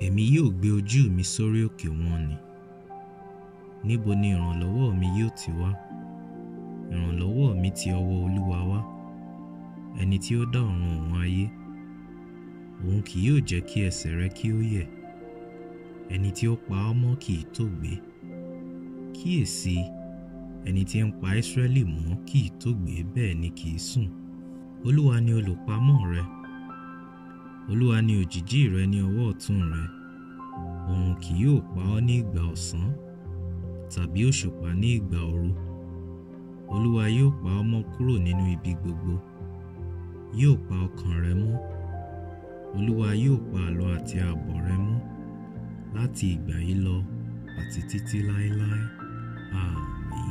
èmi yóò gbé ojú mi sórí òkè wọn ni níbo ni ìrànlọ́wọ́ mi yóò ti wá ìrànlọ́wọ́ mi ti ọwọ́ Olúwa wá ẹni tí ó dá ọ̀run ọ̀hún ayé òun kì yóò jẹ́ kí ẹsẹ̀ rẹ kí ó yẹ̀ ẹni tí ó pa ọ́ mọ́ kì í tòògbé kíyèsí ẹni tí ń pa Ísírẹ́lì mọ́ kì í tòògbé bẹ́ẹ̀ ni kì í sùn Olúwa ni olùpamọ́ rẹ Olúwa ni òjìjí rẹ ní ọwọ́ ọ̀tún rẹ oòrùn kì yóò pa ọ́ ní ìgbà ọ̀sán tàbí òṣùpá ní ìgbà òru Olúwa yóò pa ọ́ mọ́ kúrò nínú ibi gbogbo yóò pa ọkàn rẹ mọ́ Olúwa yóò pa àlọ àti àbọ̀ rẹ mọ́ láti ìgbà yìí lọ àti títí láéláé àmín.